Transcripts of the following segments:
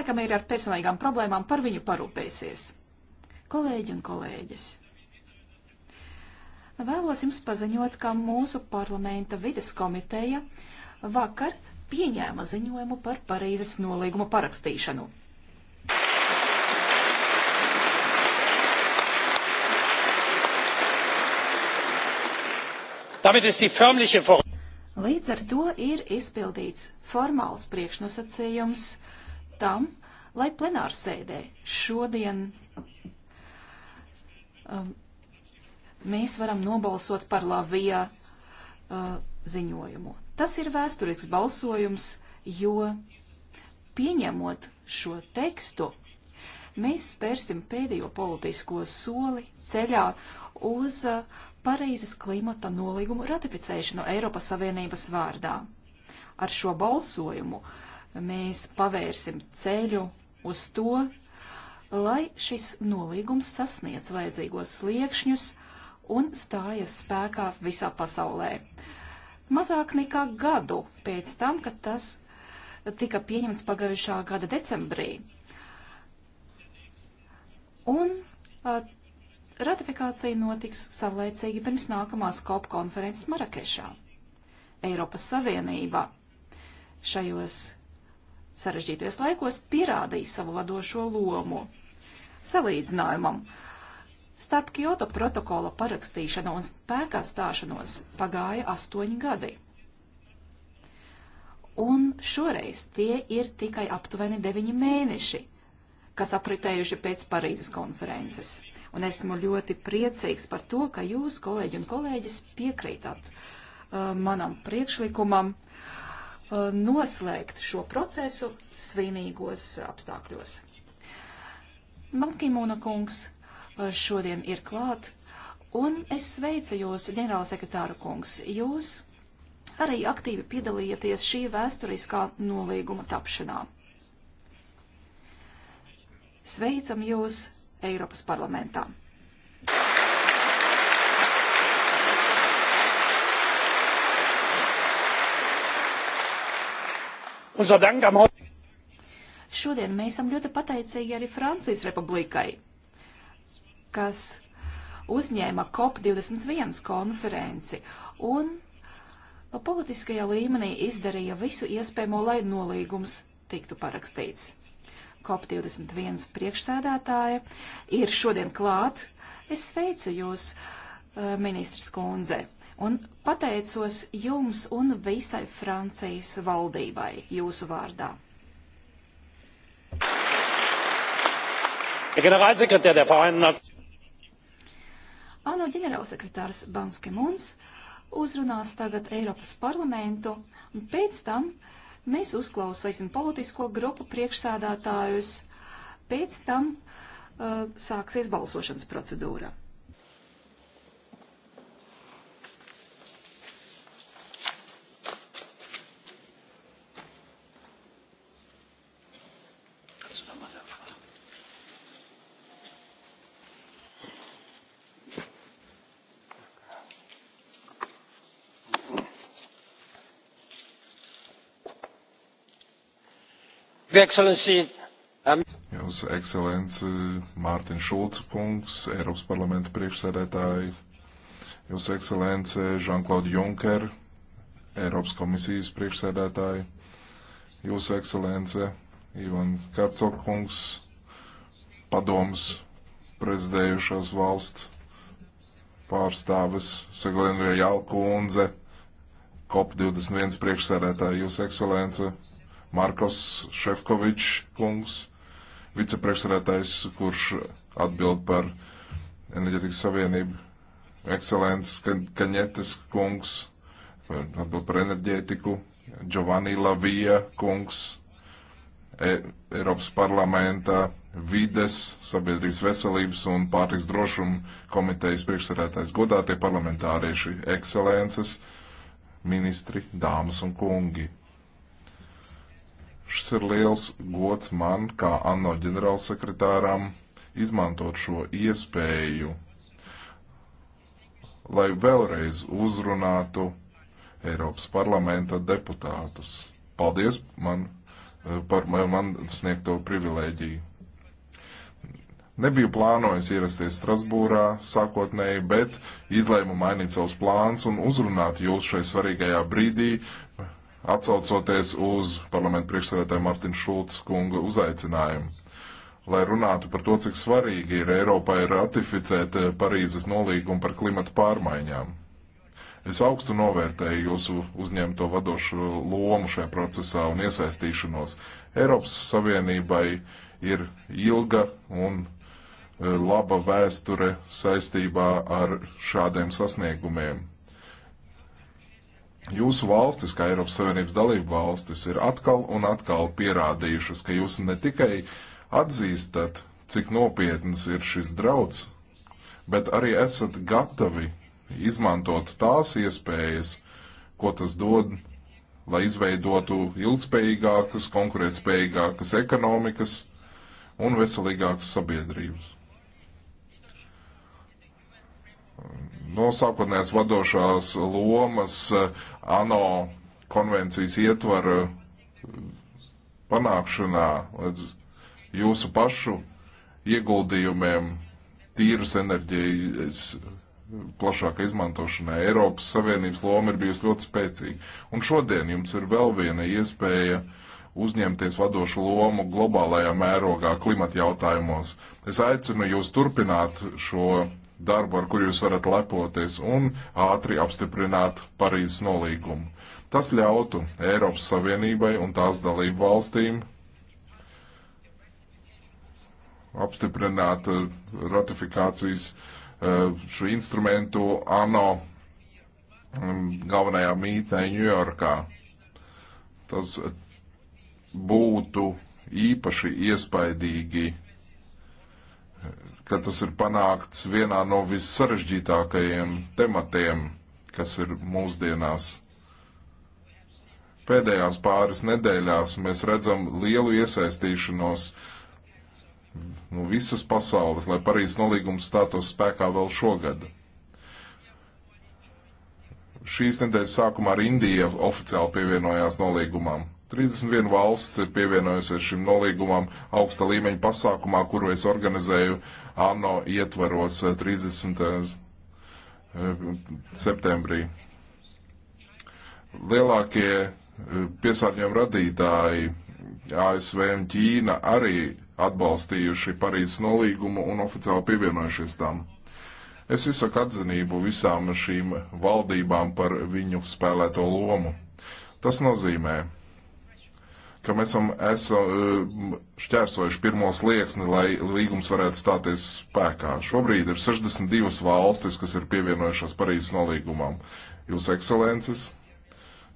cilvēkam ir ar personīgām problēmām, par viņu parūpēsies. Kolēģi un kolēģis! Vēlos jums paziņot, ka mūsu parlamenta vides komiteja vakar pieņēma ziņojumu par Parīzes nolīguma parakstīšanu. Līdz ar to ir izpildīts formāls priekšnosacījums tam, lai plenārsēdē šodien um, mēs varam nobalsot par Lavija uh, ziņojumu. Tas ir vēsturisks balsojums, jo pieņemot šo tekstu, mēs spērsim pēdējo politisko soli ceļā uz uh, Parīzes klimata nolīgumu ratificēšanu Eiropas Savienības vārdā. Ar šo balsojumu uh, mēs pavērsim ceļu uz to, lai šis nolīgums sasniedz vajadzīgos sliekšņus un stājas spēkā visā pasaulē. Mazāk nekā gadu pēc tam, kad tas tika pieņemts pagājušā gada decembrī. Un a, ratifikācija notiks savlaicīgi pirms nākamās COP konferences Marakešā. Eiropas Savienība šajos sarežģītajos laikos pierādīja savu vadošo lomu. Salīdzinājumam, starp Kyoto protokola parakstīšanu un spēkā stāšanos pagāja astoņi gadi. Un šoreiz tie ir tikai aptuveni deviņi mēneši, kas apritējuši pēc Parīzes konferences. Un esmu ļoti priecīgs par to, ka jūs, kolēģi un kolēģis, piekrītat uh, manam priekšlikumam uh, Uh, noslēgt šo procesu svinīgos apstākļos. Bankimūna kungs uh, šodien ir klāt, un es sveicu jūs, ģenerālsekretāra kungs. Jūs arī aktīvi piedalījāties šī vēsturiskā nolīguma tapšanā. Sveicam jūs Eiropas parlamentā! Unser Dank am Šodien mēs esam ļoti pateicīgi arī Francijas republikai, kas uzņēma COP21 konferenci un politiskajā līmenī izdarīja visu iespējamo, lai nolīgums tiktu parakstīts. COP21 priekšsēdētāja ir šodien klāt. Es sveicu jūs, eh, ministrs Kunze un pateicos jums un visai Francijas valdībai jūsu vārdā. ANO ģenerālsekretārs Banske Muns uzrunās tagad Eiropas parlamentu, un pēc tam mēs uzklausīsim politisko grupu priekšsādātājus, pēc tam uh, sāksies balsošanas procedūra. Um, Jūsu ekscelenci Mārtiņš Šulca kungs, Eiropas parlamenta priekšsēdētāji, Jūsu ekscelenci Jean-Claude Juncker, Eiropas komisijas priekšsēdētāji, Jūsu ekscelenci Ivan Karcok kungs, padoms prezidējušās valsts pārstāvis Seglēnvija Jalkundze, COP21 priekšsēdētāji, Jūsu ekscelenci Markos Šefkovičs kungs, vicepriekšsēdētājs, kurš atbild par enerģetikas savienību, ekscelents Kaņetes kungs, atbild par enerģētiku, Giovanni Lavija kungs, e Eiropas parlamenta vides, sabiedrības veselības un pārtiks drošuma komitejas priekšsarētājs, godātie parlamentārieši, ekscelences, ministri, dāmas un kungi. Šis ir liels gods man, kā ANO ģenerālsekretāram, izmantot šo iespēju, lai vēlreiz uzrunātu Eiropas parlamenta deputātus. Paldies man eh, par man sniegto privilēģiju. Nebiju plānojis ierasties Strasbūrā sākotnēji, bet izlēmu mainīt savus plāns un uzrunāt jūs šai svarīgajā brīdī, atsaucoties uz parlamentu priekšsēdētāju Martinu Šulcu kunga uzaicinājumu, lai runātu par to, cik svarīgi ir Eiropai ratificēt eh, Parīzes nolīgumu par klimatu pārmaiņām. Es augstu novērtēju jūsu uzņemto vadošo lomu šajā procesā un iesaistīšanos. Eiropas Savienībai ir ilga un eh, laba vēsture saistībā ar šādiem sasniegumiem. Jūsu valstis, kā Eiropas Savienības dalība valstis, ir atkal un atkal pierādījušas, ka jūs ne tikai atzīstat, cik nopietns ir šis drauds, bet arī esat gatavi izmantot tās iespējas, ko tas dod, lai izveidotu ilgspējīgākas, konkurētspējīgākas ekonomikas un veselīgākas sabiedrības no nu, sākotnējās vadošās lomas eh, ANO konvencijas ietvara eh, panākšanā, līdz jūsu pašu ieguldījumiem tīras enerģijas eh, plašākai izmantošanai. Eiropas Savienības loma ir bijusi ļoti spēcīga. Un šodien jums ir vēl viena iespēja uzņemties vadošu lomu globālajā mērogā klimata jautājumos. Es aicinu jūs turpināt šo darbu, ar kur jūs varat lepoties un ātri apstiprināt Parīzes nolīgumu. Tas ļautu Eiropas Savienībai un tās dalību valstīm apstiprināt eh, ratifikācijas eh, šo instrumentu ANO mm, galvenajā mītnē Ņujorkā. Tas būtu īpaši iespaidīgi ka tas ir panākts vienā no vissarežģītākajiem tematiem, kas ir mūsdienās. Pēdējās pāris nedēļās mēs redzam lielu iesaistīšanos no nu, visas pasaules, lai Parīzes nolīgums stātos spēkā vēl šogad. Šīs nedēļas sākumā arī Indija oficiāli pievienojās nolīgumam. 31 valsts ir pievienojusies šim nolīgumam augsta līmeņa pasākumā, kuru es organizēju ANO ietvaros 30. Eh, eh, septembrī. Lielākie eh, piesārņojuma radītāji ASV un Ķīna arī atbalstījuši Parīzes nolīgumu un oficiāli pievienojušies tam. Es izsaku atzinību visām šīm valdībām par viņu spēlēto lomu. Tas nozīmē, ka mēs esam, esam eh, šķērsojuši pirmo slieksni, lai līgums varētu stāties spēkā. Šobrīd ir 62 valstis, kas ir pievienojušās Parīzes nolīgumam. Jūs ekscelences,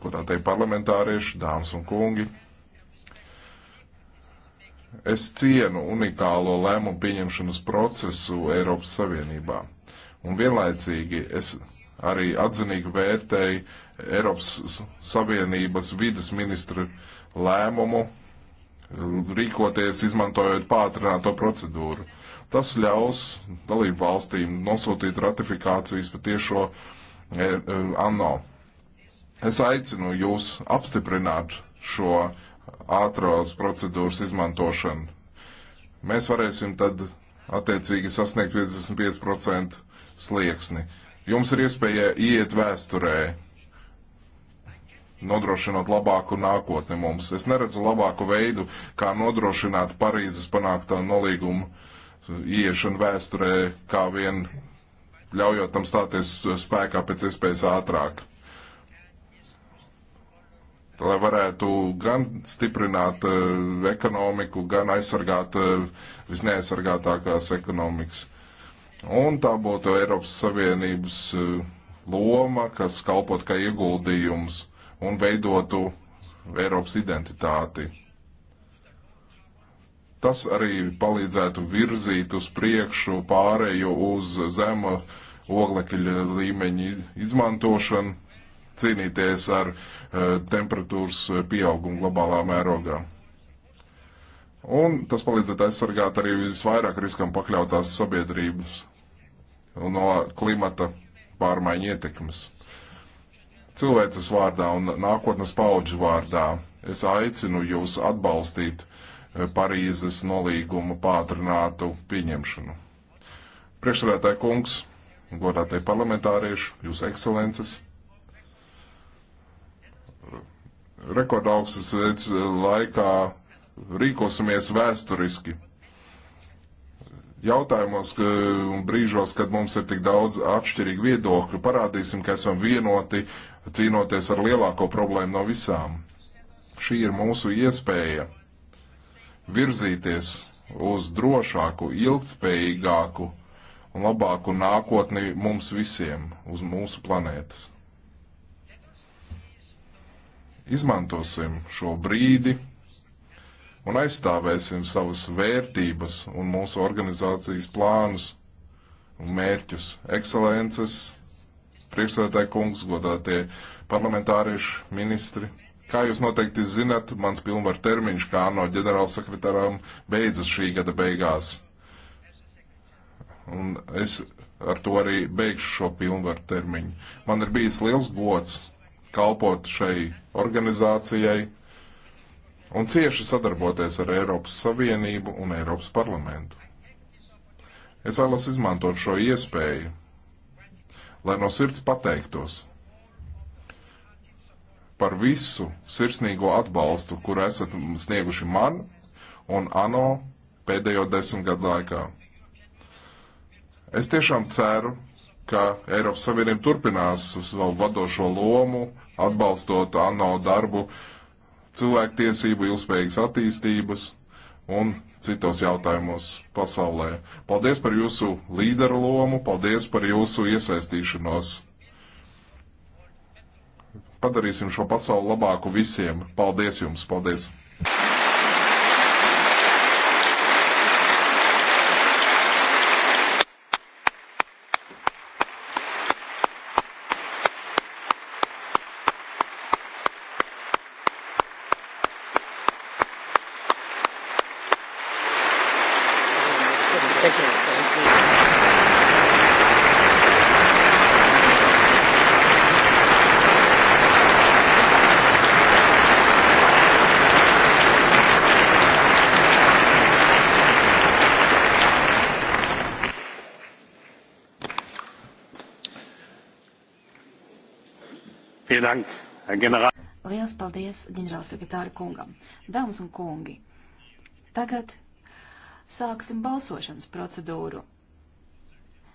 godātie parlamentārieši, dāmas un kungi. Es cienu unikālo lēmumu pieņemšanas procesu Eiropas Savienībā. Un vienlaicīgi es arī atzinīgi vērtēju Eiropas Savienības vidas ministru uh, lēmumu eh, rīkoties, izmantojot pātrināto procedūru. Tas ļaus dalību valstīm nosūtīt ratifikācijas pa tiešo eh, eh, ANO. Es aicinu jūs apstiprināt šo ātros procedūras izmantošanu. Mēs varēsim tad attiecīgi sasniegt 55% slieksni. Jums ir iespēja iet vēsturē, nodrošinot labāku nākotni mums. Es neredzu labāku veidu, kā nodrošināt Parīzes panāktā nolīgumu ieiešanu vēsturē, kā vien ļaujot tam stāties spēkā pēc iespējas ātrāk. Lai varētu gan stiprināt uh, ekonomiku, gan aizsargāt uh, visneaizsargātākās ekonomikas. Un tā būtu Eiropas Savienības uh, loma, kas kalpot kā ieguldījums un veidotu Eiropas identitāti. Tas arī palīdzētu virzīt uz priekšu pārēju uz zema oglekļa līmeņa izmantošanu, cīnīties ar uh, temperatūras pieaugumu globālā mērogā. Un tas palīdzētu aizsargāt arī visvairāk riskam pakļautās sabiedrības no klimata pārmaiņu ietekmes cilvēces vārdā un nākotnes paudžu vārdā. Es aicinu jūs atbalstīt eh, Parīzes nolīguma pātrinātu pieņemšanu. Priekšsēdētāji kungs, godātie parlamentārieši, jūs ekscelences, rekordaugstas veids eh, laikā rīkosimies vēsturiski jautājumos un brīžos, kad mums ir tik daudz atšķirīgu viedokļu, parādīsim, ka esam vienoti cīnoties ar lielāko problēmu no visām. Šī ir mūsu iespēja virzīties uz drošāku, ilgspējīgāku un labāku nākotni mums visiem uz mūsu planētas. Izmantosim šo brīdi, un aizstāvēsim savas vērtības un mūsu organizācijas plānus un mērķus. Ekscelences, priekšsēdētāji kungs, godātie parlamentārieši, ministri. Kā jūs noteikti zinat, mans pilnvar termiņš kā no ģenerālsekretārām beidzas šī gada beigās. Un es ar to arī beigšu šo pilnvaru termiņu. Man ir bijis liels gods kalpot šai organizācijai, un cieši sadarboties ar Eiropas Savienību un Eiropas parlamentu. Es vēlos izmantot šo iespēju, lai no sirds pateiktos par visu sirsnīgo atbalstu, kur esat snieguši man un ANO pēdējo desmit gadu laikā. Es tiešām ceru, ka Eiropas Savienība turpinās savu vadošo lomu, atbalstot ANO darbu uh, cilvēktiesību, ilgspējīgas attīstības un citos jautājumos pasaulē. Paldies par jūsu līderu lomu, paldies par jūsu iesaistīšanos. Padarīsim šo pasauli labāku visiem. Paldies jums! Paldies! Dank, generāl. Liels paldies ģenerālsekretāra kungam. Dāmas un kungi, tagad sāksim balsošanas procedūru.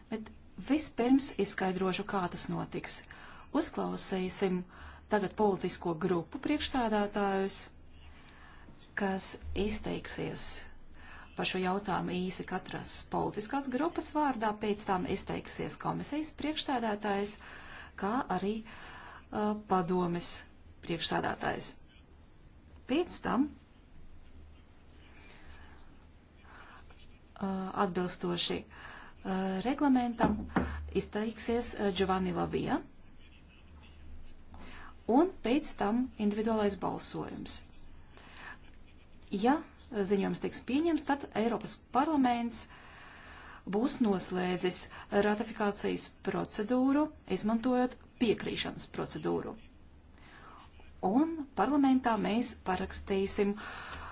Bet vispirms izskaidrošu, kā tas notiks. Uzklausīsim tagad politisko grupu priekšstādātājus, kas izteiksies par šo jautājumu īsi katras politiskās grupas vārdā, pēc tam izteiksies komisijas priekšstādātājs, kā arī uh, padomes priekšsādātājs. Pēc tam atbilstoši reglamentam izteiksies Giovanni Lavija un pēc tam individuālais balsojums. Ja ziņojums tiks pieņems, tad Eiropas parlaments būs noslēdzis ratifikācijas procedūru, izmantojot piekrīšanas procedūru. Un parlamentā mēs parakstīsim uh,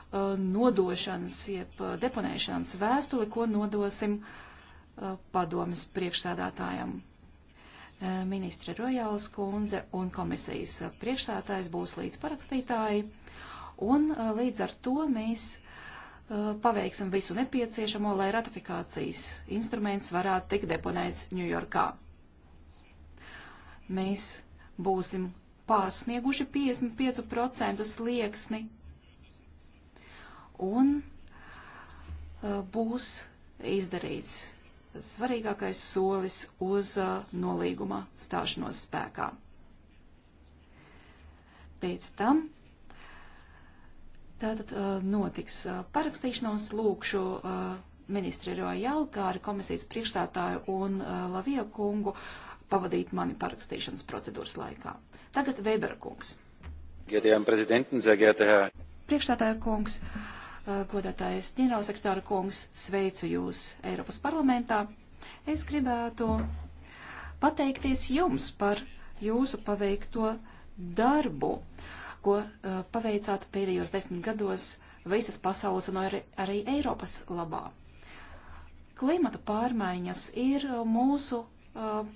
nodošanas, jeb uh, deponēšanas vēstuli, ko nodosim uh, padomas priekšsādātājam. Uh, ministre Rojāls kundze un komisijas uh, priekšsādātājs būs līdz parakstītāji, un uh, līdz ar to mēs paveiksim visu nepieciešamo, lai ratifikācijas instruments varētu tikt deponēts Ņujorkā mēs būsim pārsnieguši 55% slieksni un uh, būs izdarīts svarīgākais solis uz uh, nolīguma stāšanos spēkā. Pēc tam tātad uh, notiks parakstīšanos lūkšu ministri Rojalu, kā arī komisijas priekšstātāju un Lavija kungu pavadīt mani parakstīšanas procedūras laikā. Tagad Weberkungs. Gadījām prezidenten, sagētā. Priekšstātāja kungs, godātājs ģenerālsekretāra kungs, sveicu jūs Eiropas parlamentā. Es gribētu pateikties jums par jūsu paveikto darbu, ko uh, paveicāt pēdējos desmit gados visas pasaules un arī, arī Eiropas labā. Klimata pārmaiņas ir mūsu uh,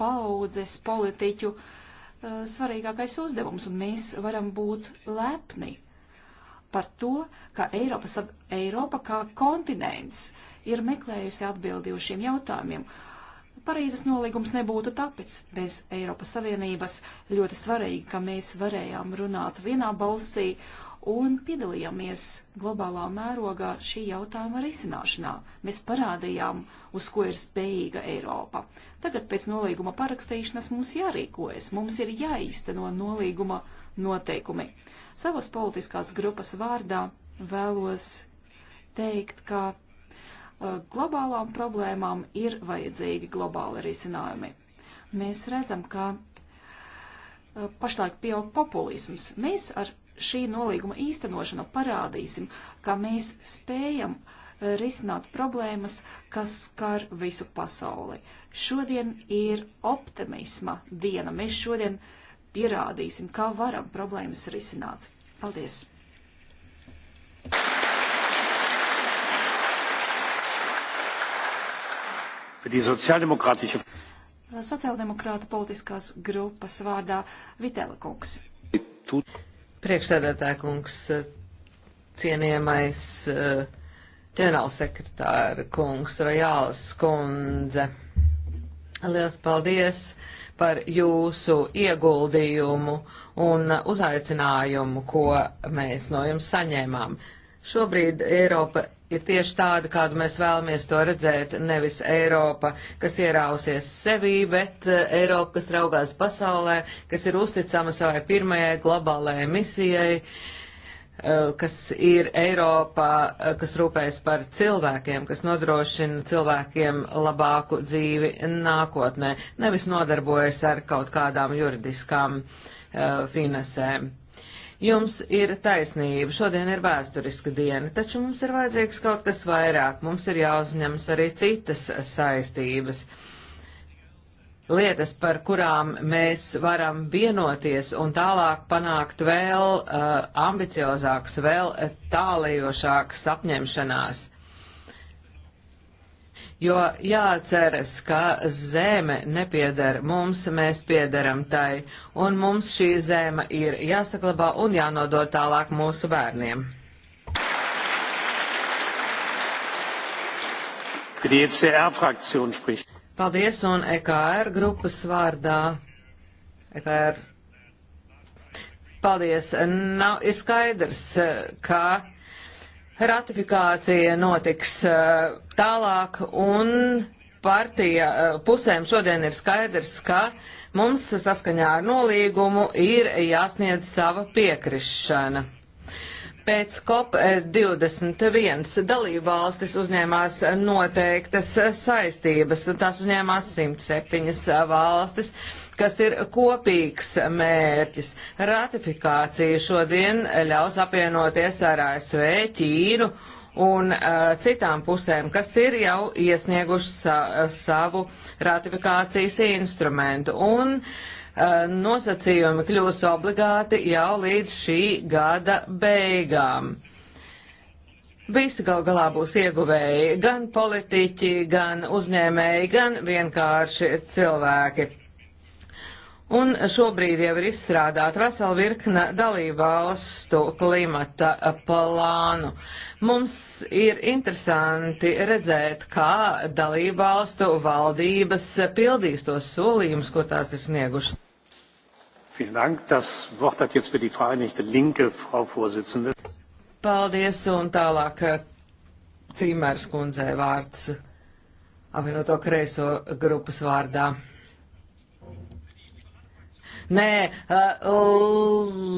paudzes politiķu eh, svarīgākais uzdevums, un mēs varam būt lepni par to, ka Eiropas, Eiropa kā kontinents ir meklējusi atbildi uz šiem jautājumiem. Parīzes nolīgums nebūtu tapis bez Eiropas Savienības. Ļoti svarīgi, ka mēs varējām runāt vienā balsī un piedalījāmies globālā mērogā šī jautājuma risināšanā. Mēs parādījām, uz ko ir spējīga Eiropa. Tagad pēc nolīguma parakstīšanas mums jārīkojas, mums ir jāīsteno nolīguma noteikumi. Savas politiskās grupas vārdā vēlos teikt, ka uh, globālām problēmām ir vajadzīgi globāli risinājumi. Mēs redzam, ka uh, pašlaik pieaug populisms. Mēs ar šī nolīguma īstenošanu parādīsim, ka mēs spējam eh, risināt problēmas, kas skar visu pasauli. Šodien ir optimisma diena. Mēs šodien pierādīsim, kā varam problēmas risināt. Paldies! Sociāldemokrāta politiskās grupas vārdā Vitela kungs. Priekšsēdētāja kungs, cienījamais eh, ģenerālsekretāra kungs, Rojāls kundze, liels paldies par jūsu ieguldījumu un uzaicinājumu, ko mēs no jums saņēmām. Šobrīd Eiropa ir tieši tāda, kādu mēs vēlamies to redzēt, nevis Eiropa, kas ierausies sevī, bet eh, Eiropa, kas raugās pasaulē, kas ir uzticama savai pirmajai globālajai misijai, eh, kas ir Eiropa, eh, kas rūpējas par cilvēkiem, kas nodrošina cilvēkiem labāku dzīvi nākotnē, nevis nodarbojas ar kaut kādām juridiskām uh, finansēm. Jums ir taisnība, šodien ir vēsturiska diena, taču mums ir vajadzīgs kaut kas vairāk, mums ir jāuzņemas arī citas saistības. Lietas, par kurām mēs varam vienoties un tālāk panākt vēl uh, ambiciozāks, vēl eh, tālējošāks apņemšanās jo jāceras, ka zeme nepieder mums, mēs piederam tai, un mums šī zeme ir jāsaklabā un jānodot tālāk mūsu bērniem. E Paldies, un EKR grupas vārdā. EKR. Paldies. Nav, ir skaidrs, ka Ratifikācija notiks eh, tālāk un partija eh, pusēm šodien ir skaidrs, ka mums saskaņā ar nolīgumu ir jāsniedz sava piekrišana. Pēc COP21 dalībvalstis uzņēmās noteiktas saistības, un tās uzņēmās 107 valstis, kas ir kopīgs mērķis. Ratifikācija šodien ļaus apvienoties ar ASV, Ķīnu un uh, citām pusēm, kas ir jau iesnieguši sa eh, savu ratifikācijas instrumentu. Un uh, nosacījumi kļūs obligāti jau līdz šī gada beigām. Visi gal galā būs ieguvēji, gan politiķi, gan uzņēmēji, gan vienkārši cilvēki. Un šobrīd jau ir izstrādāta vesela virkne dalībvalstu klimata plānu. Mums ir interesanti redzēt, kā dalībvalstu valdības pildīs tos solījumus, ko tās ir sniegušas. Paldies, un tālāk eh, Cīmērs kundzei vārds apvienoto kreiso grupas vārdā. Nē, uh,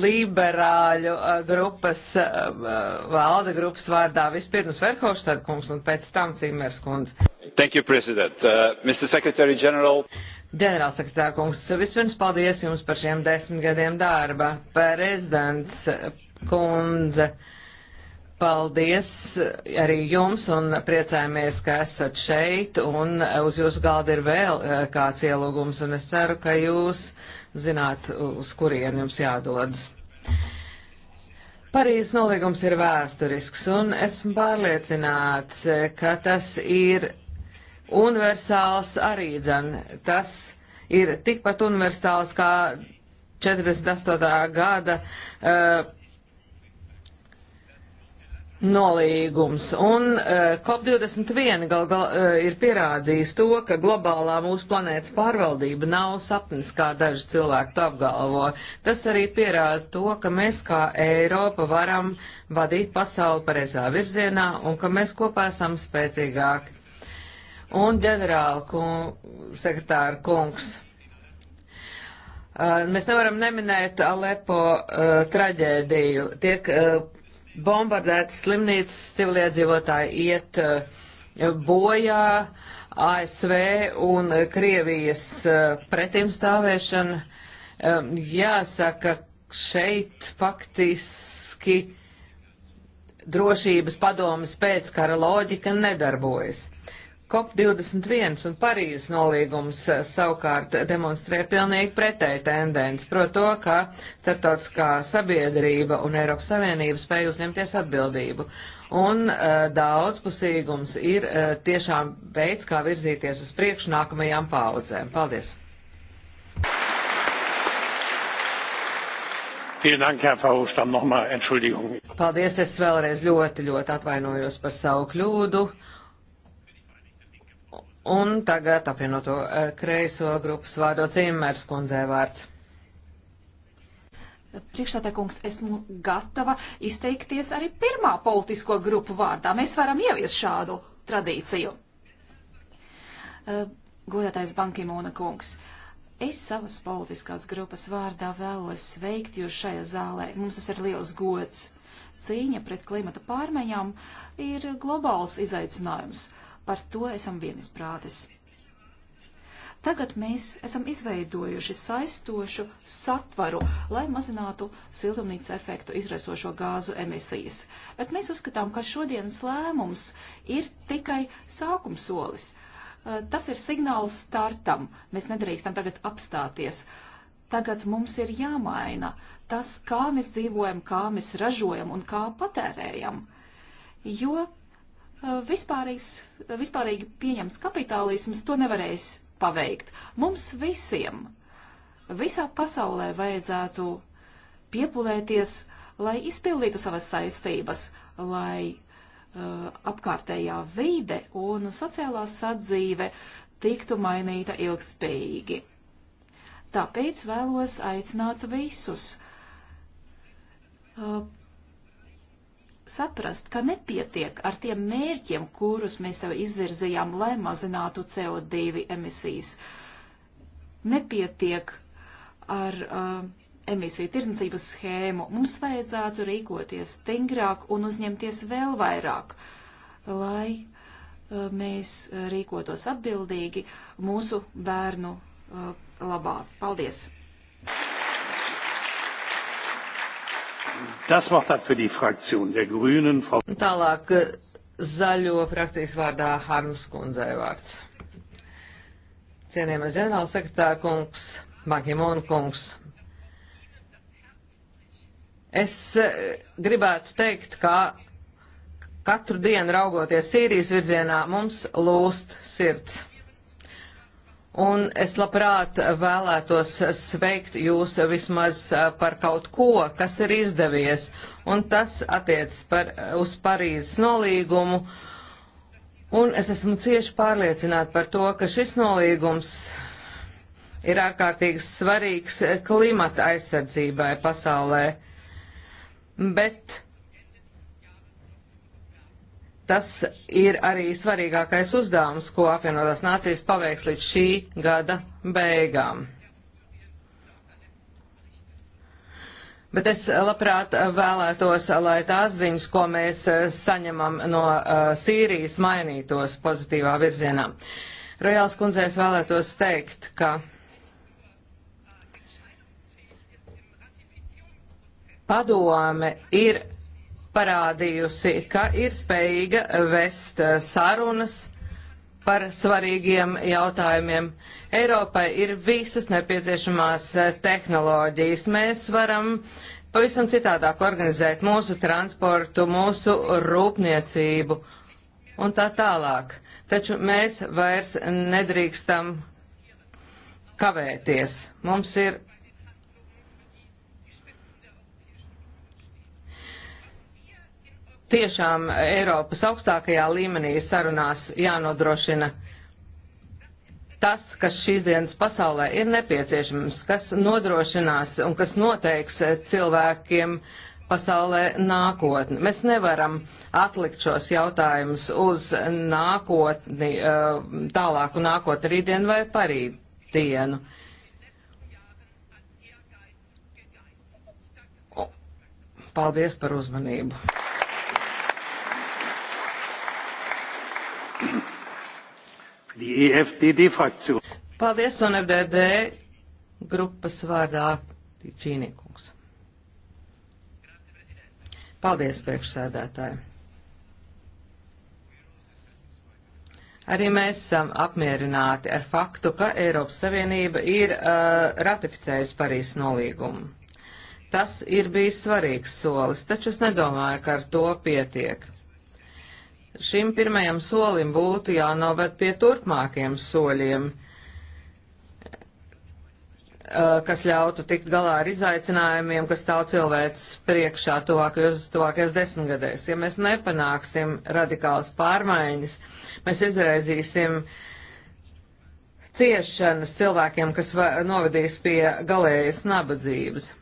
liberāļu uh, grupas, uh, valda grupas vārdā vispirms Verhofstad kungs un pēc tam Cimers kungs. Thank you, President. Uh, Mr. Secretary General. Ģenerālsekretārā kungs, vispirms paldies jums par šiem desmit gadiem darba. Prezidents kundze, paldies arī jums un priecājamies, ka esat šeit un uz jūsu galda ir vēl kāds ielūgums un es ceru, ka jūs uh, zināt, uz kurien jums jādodas. Parīzes nolīgums ir vēsturisks, un esmu pārliecināts, ka tas ir universāls arī dzen. Tas ir tikpat universāls kā 48. gada uh, nolīgums. Un uh, COP21 gal, gal, uh, ir pierādījis to, ka globālā mūsu planētas pārvaldība nav sapnis, kā daži cilvēki to apgalvo. Tas arī pierāda to, ka mēs kā Eiropa varam vadīt pasauli pareizā virzienā un ka mēs kopā esam spēcīgāki. Un ģenerāla kung, sekretāra kungs. Uh, mēs nevaram neminēt Alepo uh, traģēdiju. Tiek uh, bombardētas slimnīcas, civiliedzīvotāji iet eh, bojā, ASV un Krievijas eh, pretimstāvēšana. Jāsaka, šeit faktiski drošības padomas pēckara loģika nedarbojas. COP21 un Parīzes nolīgums eh, savukārt demonstrē pilnīgi pretēju tendenci, proti to, ka starptautiskā sabiedrība un Eiropas Savienība spēj uzņemties atbildību. Un uh, daudzpusīgums ir uh, tiešām veids, kā virzīties uz priekšu nākamajām paudzēm. Paldies! Paldies, es vēlreiz ļoti, ļoti atvainojos par savu kļūdu Un tagad apvienoto eh, kreiso grupas vārdo Cimers kundzē vārds. Priekšstādākungs, esmu gatava izteikties arī pirmā politisko grupu vārdā. Mēs varam ievies šādu tradīciju. Eh, godātais Bankimūna kungs, es savas politiskās grupas vārdā vēlos sveikt jūs šajā zālē. Mums tas ir liels gods. Cīņa pret klimata pārmaiņām ir globāls izaicinājums. Par to esam vienisprātis. Tagad mēs esam izveidojuši saistošu satvaru, lai mazinātu siltumnīca efektu izraisošo gāzu emisijas. Bet mēs uzskatām, ka šodienas lēmums ir tikai sākumsolis. Eh, tas ir signāls startam. Mēs nedrīkstam tagad apstāties. Tagad mums ir jāmaina tas, kā mēs dzīvojam, kā mēs ražojam un kā patērējam. Jo Eh, eh, vispārīgi pieņemts kapitālisms to nevarēs paveikt. Mums visiem, visā pasaulē vajadzētu piepulēties, lai izpildītu savas saistības, lai uh, apkārtējā vide un sociālā sadzīve tiktu mainīta ilgspējīgi. Tāpēc vēlos aicināt visus. Uh, saprast, ka nepietiek ar tiem mērķiem, kurus mēs jau izvirzījām, lai mazinātu CO2 emisijas. Nepietiek ar uh, emisiju tirdzniecības schēmu. Mums vajadzētu rīkoties stingrāk un uzņemties vēl vairāk, lai uh, mēs rīkotos atbildīgi mūsu bērnu uh, labā. Paldies! Das macht dann für die Fraktion der Grünen, Frau. Tālāk eh, zaļo frakcijas vārdā Harms kundzei vārds. Cienījamais ģenerāls sekretār kungs, Bankimona kungs. Es eh, gribētu teikt, ka katru dienu raugoties Sīrijas virzienā mums lūst sirds. Un es labprāt vēlētos sveikt jūs vismaz par kaut ko, kas ir izdevies. Un tas attiecas par, uz Parīzes nolīgumu. Un es esmu cieši pārliecināta par to, ka šis nolīgums ir ārkārtīgi svarīgs klimata aizsardzībai pasaulē. Bet Tas ir arī svarīgākais uzdevums, ko apvienotās nācijas paveiks līdz šī gada beigām. Bet es labprāt vēlētos, lai tās ziņas, ko mēs saņemam no uh, Sīrijas, mainītos pozitīvā virzienā. Rojāls kundzēs vēlētos teikt, ka padome ir parādījusi, ka ir spējīga vest eh, sarunas par svarīgiem jautājumiem. Eiropai ir visas nepieciešamās eh, tehnoloģijas. Mēs varam pavisam citādāk organizēt mūsu transportu, mūsu rūpniecību un tā tālāk. Taču mēs vairs nedrīkstam kavēties. Mums ir tiešām Eiropas augstākajā līmenī sarunās jānodrošina tas, kas šīs dienas pasaulē ir nepieciešams, kas nodrošinās un kas noteiks cilvēkiem pasaulē nākotni. Mēs nevaram atlikt šos jautājumus uz nākotni, eh, tālāku nākotni rītdienu vai parītdienu. Paldies par uzmanību. Die EFDD frakcija. Paldies un FDD grupas vārdā Čīnīkungs. Paldies priekšsēdētāji. Arī mēs esam apmierināti ar faktu, ka Eiropas Savienība ir uh, ratificējusi Parīzes nolīgumu. Tas ir bijis svarīgs solis, taču es nedomāju, ka ar to pietiek. Šim pirmajam solim būtu jānovērt pie turpmākiem soļiem, kas ļautu tikt galā ar izaicinājumiem, kas stāv cilvēks priekšā tuvākajos, tuvākajos desmitgadēs. Ja mēs nepanāksim radikālas pārmaiņas, mēs izraidzīsim uh, ciešanas cilvēkiem, kas novadīs pie galējas nabadzības.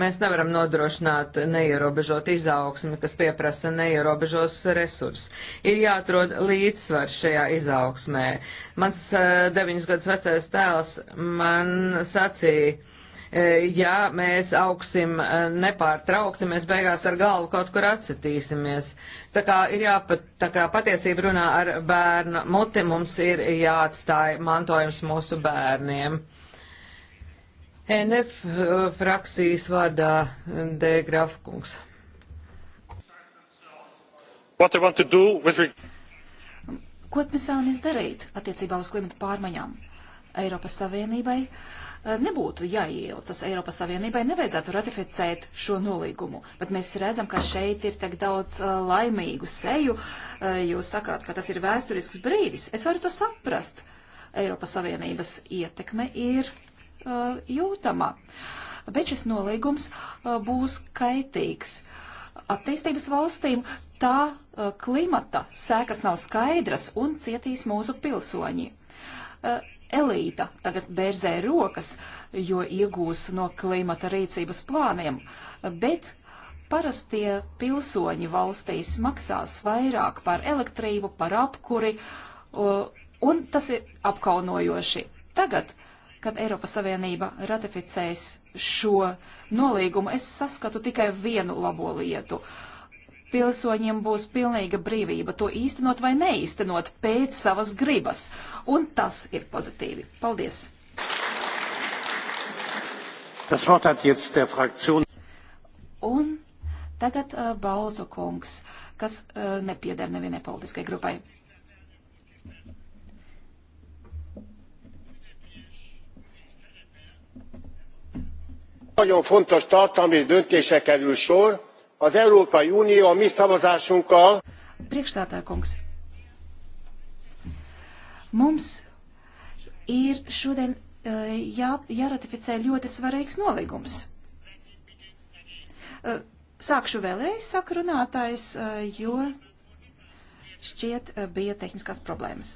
Mēs nevaram nodrošināt neierobežot izaugsmi, kas pieprasa neierobežos resursus. Ir jāatrod līdzsvars šajā izaugsmē. Mans eh, deviņus gadus vecais tēls man sacīja, eh, ja mēs augsim eh, nepārtraukti, mēs beigās ar galvu kaut kur atcitīsimies. Tā kā ir jāpat, tā kā patiesība runā ar bērnu muti, mums ir jāatstāja mantojums mūsu bērniem. NF uh, frakcijas vārdā uh, D. Grafkungs. With... Ko mēs vēlamies darīt attiecībā uz klimata pārmaiņām Eiropas Savienībai? Uh, nebūtu jāiejaucas Eiropas Savienībai, nevajadzētu ratificēt šo nolīgumu, bet mēs redzam, ka šeit ir tik daudz laimīgu seju. Jūs sakāt, ka tas ir vēsturisks brīdis. Es varu to saprast. Eiropas Savienības ietekme ir Uh, jūtama. Bet šis nolīgums uh, būs kaitīgs. Attīstības valstīm tā uh, klimata sēkas nav skaidras un cietīs mūsu pilsoņi. Elīta tagad bērzē rokas, jo iegūs no klimata rīcības plāniem, bet parastie pilsoņi valstīs maksās vairāk par elektrību, par apkuri, un tas ir apkaunojoši. Tagad kad Eiropas Savienība ratificēs šo nolīgumu, es saskatu tikai vienu labo lietu. Pilsoņiem būs pilnīga brīvība to īstenot vai neīstenot pēc savas gribas, un tas ir pozitīvi. Paldies! Das Wort hat jetzt der Fraktion. Un tagad uh, Balzu kungs, kas uh, nepieder nevienai politiskai grupai. nagyon fontos tartalmi döntésre kerül sor az európai unió a mi szavazásunkkal. priekšsēdētājkungs mums ir šodien eh, jā, jāratificē ļoti svarīgs nolīgums. Eh, sākšu vēlreiz sakrunātājs, eh, jo šķiet bija tehniskās problēmas.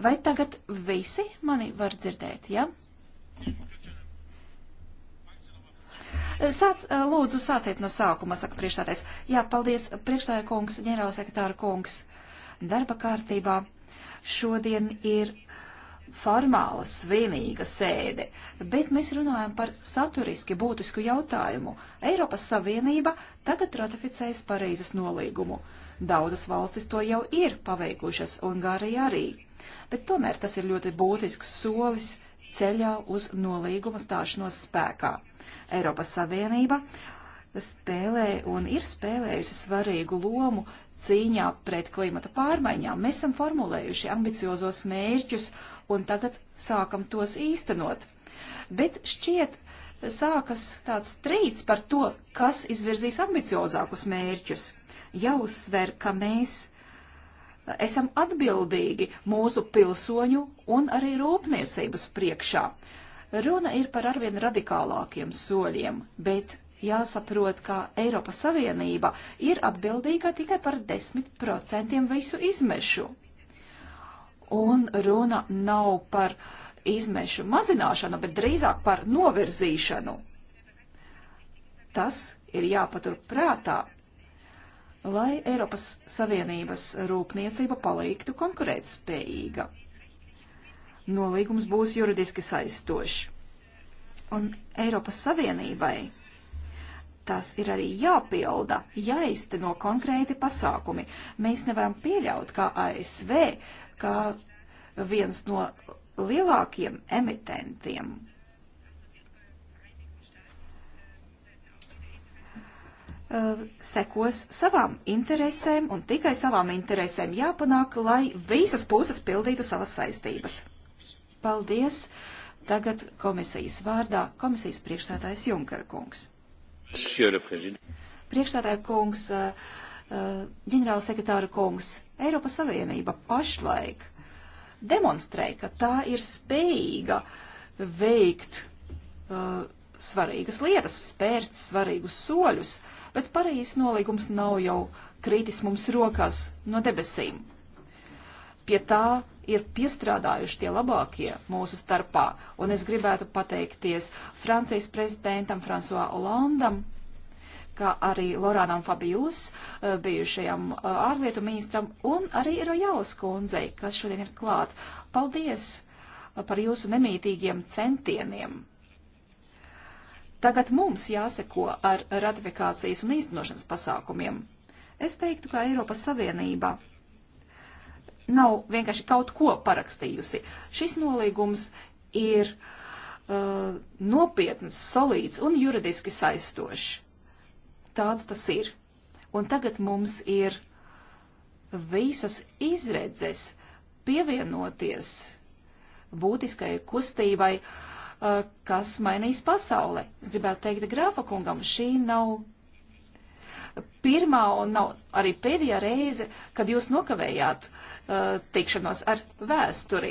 Vai tagad visi mani var dzirdēt, ja? Sāc, lūdzu, sāciet no sākuma, saka priekšstādājs. Jā, paldies, priekšstādāja kungs, ģenerālsekretāra kungs. Darba kārtībā šodien ir formāla svinīga sēde, bet mēs runājam par saturiski būtisku jautājumu. Eiropas Savienība tagad ratificējas Parīzes nolīgumu. Daudzas valstis to jau ir paveikušas, Ungārija arī. Bet tomēr tas ir ļoti būtisks solis ceļā uz nolīguma stāšanos spēkā. Eiropas Savienība spēlē un ir spēlējusi svarīgu lomu cīņā pret klimata pārmaiņām. Mēs esam formulējuši ambiciozos mērķus un tagad sākam tos īstenot. Bet šķiet, sākas tāds strīds par to, kas izvirzīs ambiciozākus mērķus. Jāuzsver, ka mēs esam atbildīgi mūsu pilsoņu un arī rūpniecības priekšā. Runa ir par arvien radikālākiem soļiem, bet jāsaprot, ka Eiropas Savienība ir atbildīga tikai par 10% visu izmešu. Un runa nav par izmešu mazināšanu, bet drīzāk par novirzīšanu. Tas ir jāpatur prātā, lai Eiropas Savienības rūpniecība paliktu konkurētspējīga. Nolīgums būs juridiski saistošs. Un Eiropas Savienībai tas ir arī jāpilda, jāizteno konkrēti pasākumi. Mēs nevaram pieļaut, kā ASV, kā viens no lielākiem emitentiem uh, sekos savām interesēm un tikai savām interesēm jāpanāk, lai visas puses pildītu savas saistības. Paldies! Tagad komisijas vārdā komisijas priekšstādājs Junkara kungs. Priekšstādāja kungs, uh, uh, ģenerāla sekretāra kungs, Eiropas Savienība pašlaik demonstrē, ka tā ir spējīga veikt uh, svarīgas lietas, spērt svarīgus soļus, bet Parīzes nolīgums nav jau krītis mums rokās no debesīm. Pie tā ir piestrādājuši tie labākie mūsu starpā, un es gribētu pateikties Francijas prezidentam François Hollandam, kā arī Lorānam Fabijus, eh, bijušajam eh, ārlietu ministram, un arī Rojālas kundzei, kas šodien ir klāt. Paldies eh, par jūsu nemītīgiem centieniem! Tagad mums jāseko ar ratifikācijas un īstenošanas pasākumiem. Es teiktu, ka Eiropas Savienība nav vienkārši kaut ko parakstījusi. Šis nolīgums ir uh, nopietns, solīts un juridiski saistošs. Tāds tas ir. Un tagad mums ir visas izredzes pievienoties būtiskai kustībai uh, Uh, kas mainīs pasauli. Es gribētu teikt grāfa kungam, šī nav pirmā un nav arī pēdējā reize, kad jūs nokavējāt uh, tikšanos ar vēsturi.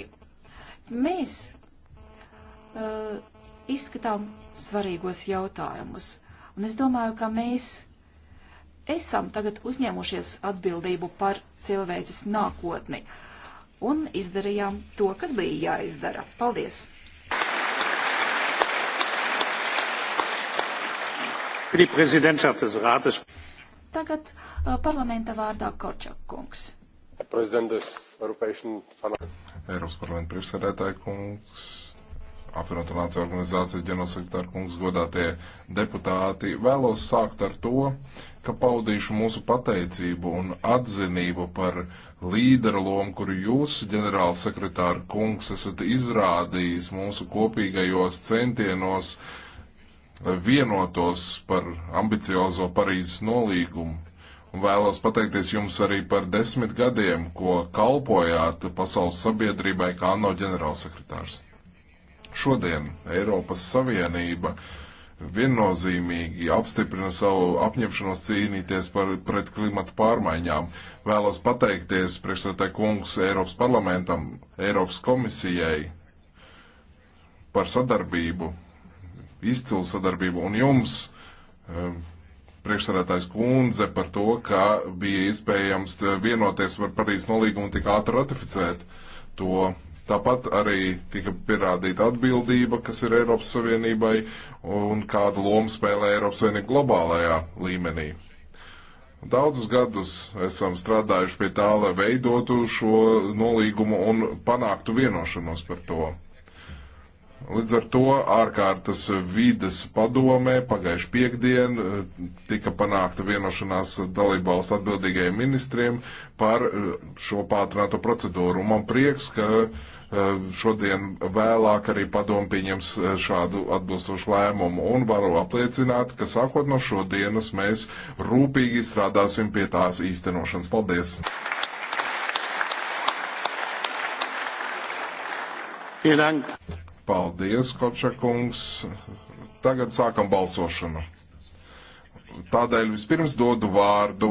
Mēs uh, izskatām svarīgos jautājumus, un es domāju, ka mēs esam tagad uzņēmušies atbildību par cilvēces nākotni un izdarījām to, kas bija jāizdara. Paldies! Tagad uh, parlamenta vārdā Korčak kungs. Eiropas parlamenta priekšsēdētāja kungs, apvienotu nāciju organizācijas ģenosekretāra kungs, godātie deputāti, vēlos sākt ar to, ka paudīšu mūsu pateicību un atzinību par līdera lomu, kuru jūs, ģenerālsekretāra kungs, esat izrādījis mūsu kopīgajos centienos uh, lai vienotos par ambiciozo Parīzes nolīgumu. Un vēlos pateikties jums arī par desmit gadiem, ko kalpojāt pasaules sabiedrībai kā ANO ģenerālsekretārs. Šodien Eiropas Savienība viennozīmīgi apstiprina savu apņemšanos cīnīties par, pret klimatu pārmaiņām. Vēlos pateikties priekšsētē kungs Eiropas parlamentam, Eiropas komisijai par sadarbību izcilu sadarbību un jums, eh, priekšsarētājs kundze, par to, ka bija iespējams eh, vienoties par Parīzes nolīgumu tik ātri ratificēt to. Tāpat arī tika pierādīta atbildība, kas ir Eiropas Savienībai un kādu lomu spēlē Eiropas Savienība globālajā līmenī. Daudzus gadus esam strādājuši pie tā, lai veidotu šo nolīgumu un panāktu vienošanos par to. Līdz ar to ārkārtas vides padomē pagājuši piekdien eh, tika panākta vienošanās dalībvalstu atbildīgajiem ministriem par eh, šo pātrināto procedūru. Un man prieks, ka eh, šodien vēlāk arī padomu pieņems šādu atbilstošu lēmumu. Un varu apliecināt, ka sākot no šodienas mēs rūpīgi strādāsim pie tās īstenošanas. Paldies! Vielen Dank. Paldies, Kopšakungs. Tagad sākam balsošanu. Tādēļ vispirms dodu vārdu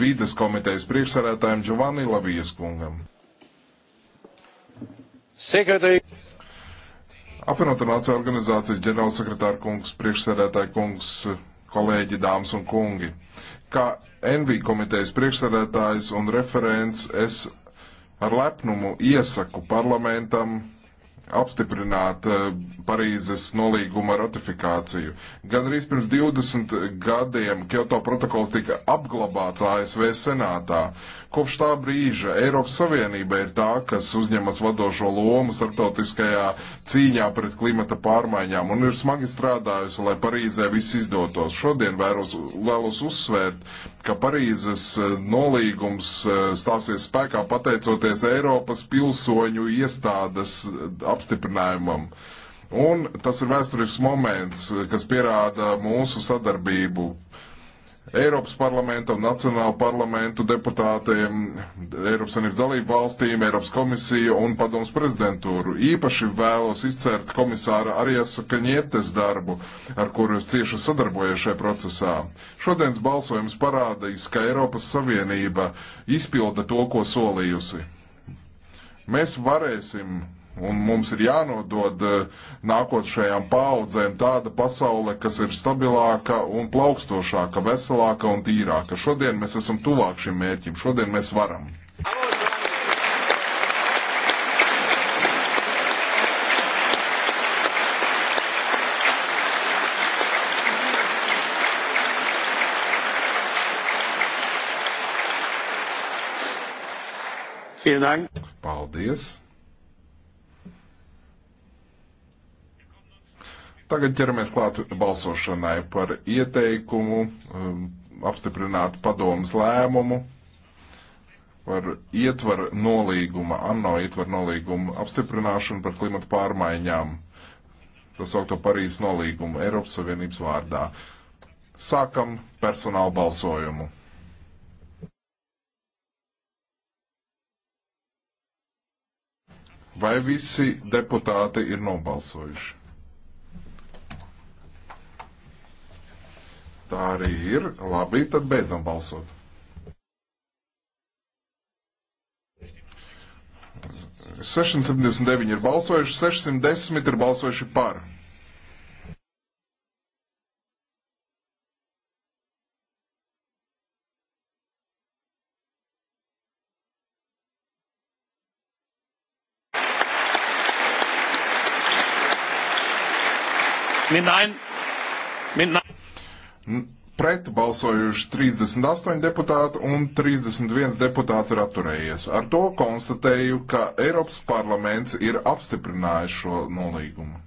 vides komitejas priekšsarētājiem Giovanni Lavijas kungam. Sekretārī. Apvienotu Nāciju organizācijas ģenerālsekretāra kungs, priekšsēdētāja kungs, kolēģi, dāmas un kungi. Kā NV komitejas priekšsēdētājs un referents es ar lepnumu iesaku parlamentam apstiprināt eh, Parīzes nolīguma ratifikāciju. Gan arī pirms 20 gadiem Kyoto protokols tika apglabāts ASV senātā. Kopš tā brīža Eiropas Savienība ir tā, kas uzņemas vadošo lomu starptautiskajā cīņā pret klimata pārmaiņām un ir smagi strādājusi, lai Parīzē viss izdotos. Šodien vēros, vēlos uzsvērt, ka Parīzes eh, nolīgums eh, stāsies spēkā pateicoties Eiropas pilsoņu iestādes eh, apstiprinājumam. Un tas ir vēsturisks moments, kas pierāda mūsu sadarbību Eiropas parlamenta un Nacionālu parlamentu deputātiem, Eiropas Savienības dalību valstīm, Eiropas komisiju un padomus prezidentūru. Īpaši vēlos izcērt komisāra Ariesa Kaņietes darbu, ar kuru es cieši sadarbojos šajā procesā. Šodienas balsojums parādīs, ka Eiropas Savienība izpilda to, ko solījusi. Mēs varēsim Un mums ir jānodod eh, nākotnējām paudzēm tāda pasaule, kas ir stabilāka un plaukstošāka, veselāka un tīrāka. Šodien mēs esam tuvāk šim mērķim, šodien mēs varam. Paldies! Tagad ķeramies klāt balsošanai par ieteikumu um, apstiprināt padomas lēmumu par ietvaru nolīguma, ANO ietvaru nolīguma apstiprināšanu par klimatu pārmaiņām. Tas augto Parīzes nolīgumu Eiropas Savienības vārdā. Sākam personālu balsojumu. Vai visi deputāti ir nobalsojuši? Tā arī ir. Labi, tad beidzam balsot. Sešsimt septiņdesmit deviņi ir balsojuši, sešsimt desmit ir balsojuši par. mit nein mit nein Pret balsojuši 38 deputāti un 31 deputāts ir atturējies. Ar to konstatēju, ka Eiropas parlaments ir apstiprinājis šo nolīgumu.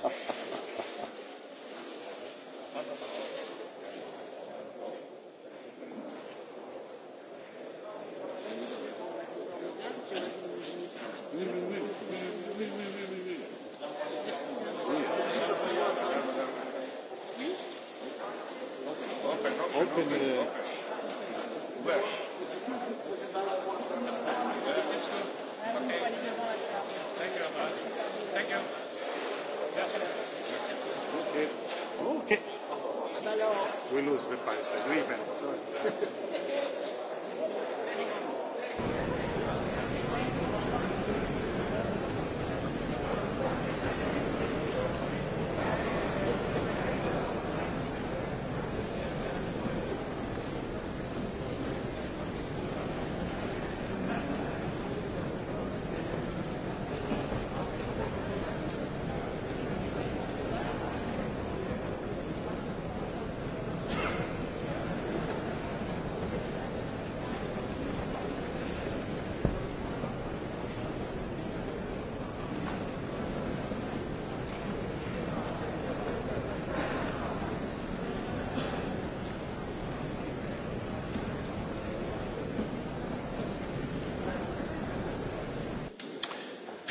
Thank you very much. Thank you. Yes. Okay. Okay. We lose the price agreement.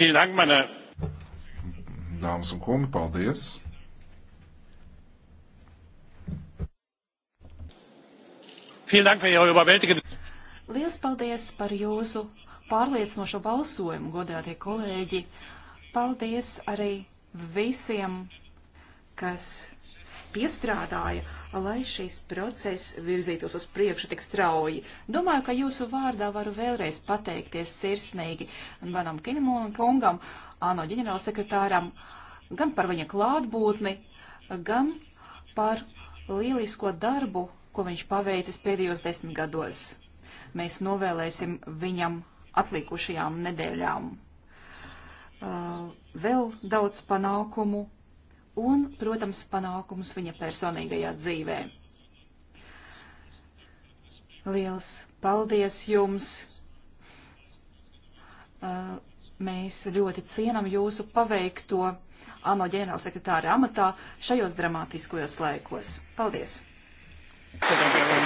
Dāmas un kungi, paldies! Lielas paldies par jūsu pārliecinošo balsojumu, godātie kolēģi. Paldies arī visiem, kas piestrādāja, lai šīs process virzītos uz priekšu tik strauji. Domāju, ka jūsu vārdā varu vēlreiz pateikties sirsnīgi manam Kinimulam kungam, ANO ģenerālsekretāram, gan par viņa klātbūtni, gan par lielisko darbu, ko viņš paveicis pēdējos desmit gados. Mēs novēlēsim viņam atlikušajām nedēļām. Uh, vēl daudz panākumu un, protams, panākumus viņa personīgajā dzīvē. Liels paldies jums! Uh, mēs ļoti cienam jūsu paveikto ANO ģenerālsekretāra amatā šajos dramatiskajos laikos. Paldies! Paldies.